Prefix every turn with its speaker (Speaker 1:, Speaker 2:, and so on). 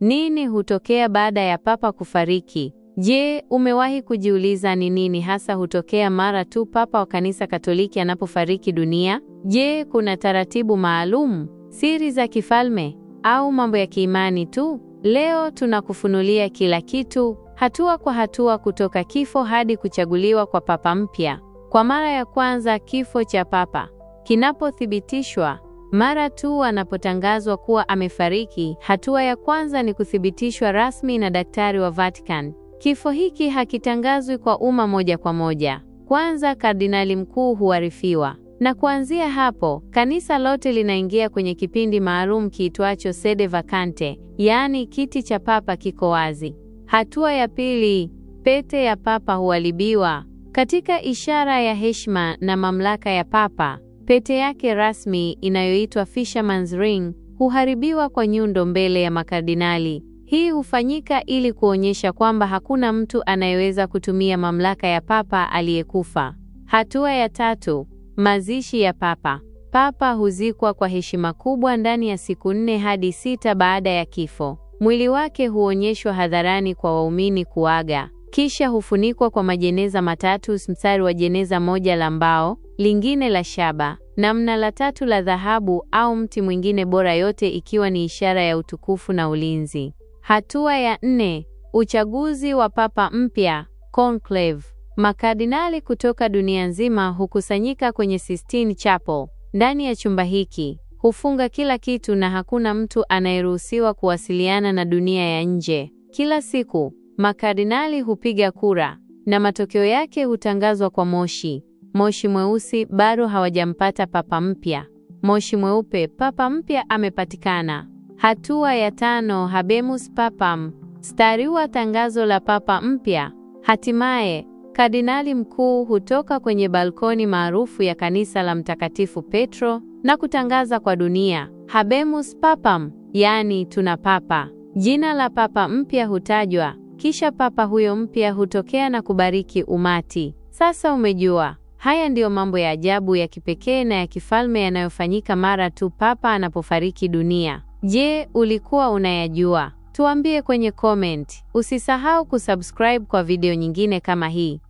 Speaker 1: Nini hutokea baada ya papa kufariki? Je, umewahi kujiuliza ni nini hasa hutokea mara tu papa wa kanisa Katoliki anapofariki dunia? Je, kuna taratibu maalum, siri za kifalme au mambo ya kiimani tu? Leo tunakufunulia kila kitu, hatua kwa hatua, kutoka kifo hadi kuchaguliwa kwa papa mpya. Kwa mara ya kwanza, kifo cha papa kinapothibitishwa mara tu anapotangazwa kuwa amefariki, hatua ya kwanza ni kuthibitishwa rasmi na daktari wa Vatican. Kifo hiki hakitangazwi kwa umma moja kwa moja. Kwanza kardinali mkuu huarifiwa, na kuanzia hapo kanisa lote linaingia kwenye kipindi maalum kiitwacho sede vacante, yaani kiti cha papa kiko wazi. Hatua ya pili, pete ya papa hualibiwa. Katika ishara ya heshima na mamlaka ya papa, Pete yake rasmi inayoitwa Fisherman's Ring huharibiwa kwa nyundo mbele ya makardinali. Hii hufanyika ili kuonyesha kwamba hakuna mtu anayeweza kutumia mamlaka ya papa aliyekufa. Hatua ya tatu, mazishi ya papa. Papa huzikwa kwa heshima kubwa ndani ya siku nne hadi sita baada ya kifo. Mwili wake huonyeshwa hadharani kwa waumini kuaga, kisha hufunikwa kwa majeneza matatu, mstari wa jeneza moja la mbao, lingine la shaba Namna la tatu la dhahabu au mti mwingine bora, yote ikiwa ni ishara ya utukufu na ulinzi. Hatua ya nne: uchaguzi wa papa mpya, conclave. Makardinali kutoka dunia nzima hukusanyika kwenye Sistine Chapel. Ndani ya chumba hiki hufunga kila kitu na hakuna mtu anayeruhusiwa kuwasiliana na dunia ya nje. Kila siku makardinali hupiga kura na matokeo yake hutangazwa kwa moshi. Moshi mweusi bado hawajampata papa mpya. Moshi mweupe, papa mpya amepatikana. Hatua ya tano, Habemus Papam, stariwa tangazo la papa mpya. Hatimaye kardinali mkuu hutoka kwenye balkoni maarufu ya kanisa la Mtakatifu Petro na kutangaza kwa dunia, Habemus Papam, yaani tuna papa. Jina la papa mpya hutajwa, kisha papa huyo mpya hutokea na kubariki umati. Sasa umejua. Haya ndiyo mambo ya ajabu ya kipekee na ya kifalme yanayofanyika mara tu papa anapofariki dunia. Je, ulikuwa unayajua? Tuambie kwenye comment. Usisahau kusubscribe kwa video nyingine kama hii.